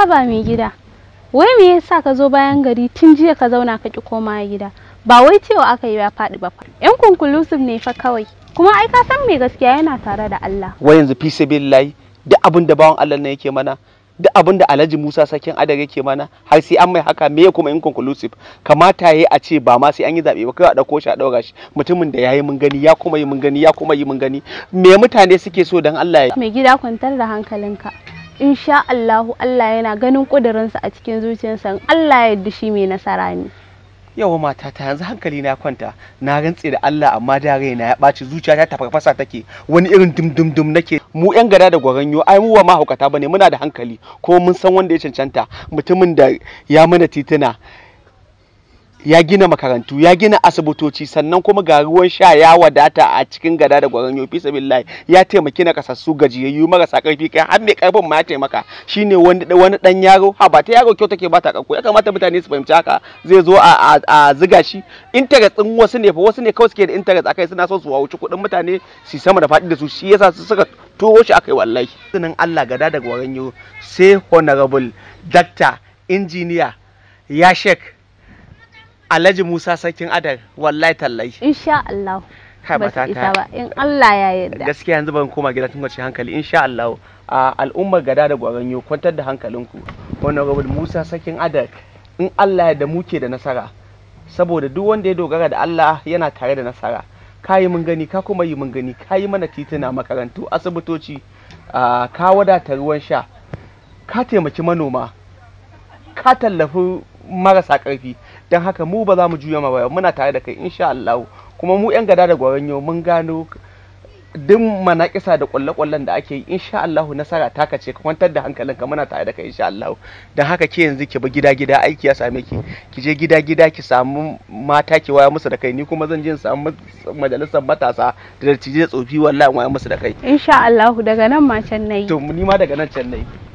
haba mai gida wai me yasa ka zo bayan gari tun jiya ka zauna ka ki koma gida ba wai cewa aka yi ya faɗi ba fa yan conclusive ne fa kawai kuma ai ka san me gaskiya yana tare da Allah wai yanzu fi sabilillahi duk abin da bawan Allah ne yake mana duk abin da Alhaji Musa sakin adar yake mana har sai an mai haka me kuma in conclusive kamata yayi a ce ba ma sai an yi zabe ba kai a dauko shi a daura shi mutumin da yayi mun gani ya kuma yi mun gani ya kuma yi mun gani me mutane suke so dan Allah ya mai gida kwantar da hankalinka insha Allahu Allah yana ganin ƙudurinsa a cikin zuciyarsa Allah ya yarda shi mai nasara ne yawa mata ta yanzu hankali na kwanta na rantse da Allah amma da raina ya ɓaci zuciyata ta farfasa take wani irin dum nake mu yan gada da gwaranyo ai mu ba mahaukata bane muna da hankali ko mun san wanda ya cancanta mutumin da ya mana tituna ya gina makarantu ya gina asibitoci sannan kuma ga ruwan sha ya wadata a cikin gada da gwaron yofi sabillahi ya taimaki na kasassu gajiyayyu marasa karfi kai har mai karfin ma ya taimaka shine wani wani dan yaro ha ba ta yaro kyau take ba ta ya kamata mutane su fahimci haka zai zo a ziga shi Intanet din wasu ne fa wasu ne kawai suke da intanet akai suna son su wuce kuɗin mutane su sama da faɗi da su shi yasa su suka turo shi akai wallahi sunan Allah gada da gwaran sai honorable doctor engineer ya shek Alhaji Musa Sarkin Adar wallahi tallahi. Insha Allah. Kai ba ta ta. In Allah ya yarda. Gaskiya yanzu ban koma gida tun hankali insha Allah. A al'ummar gada da gwaranyo kwantar da hankalinku. Wannan rabul Musa Sarkin Adar in Allah ya da muke da nasara. Saboda duk wanda ya dogara da Allah yana tare da nasara. kayi mun gani ka kuma yi mun gani kayi mana tituna makarantu asibitoci ka wadata ruwan sha ka taimaki manoma ka tallafi marasa ƙarfi don haka mu ba za mu juya ma baya muna tare da kai insha Allah kuma mu yan gada da gwaron yau mun gano duk kisa da kwalle-kwallen da ake yi insha Allah nasara ta kace ka kwantar da hankalinka muna tare da kai insha Allah don haka ke yanzu ki bi gida-gida aiki ya same ki ki je gida-gida ki samu mata ki waya musu da kai ni kuma zan je samu majalisar matasa da dattijai tsofi wallahi waya musu da kai insha Allah daga nan ma can nayi to ni ma daga nan can nayi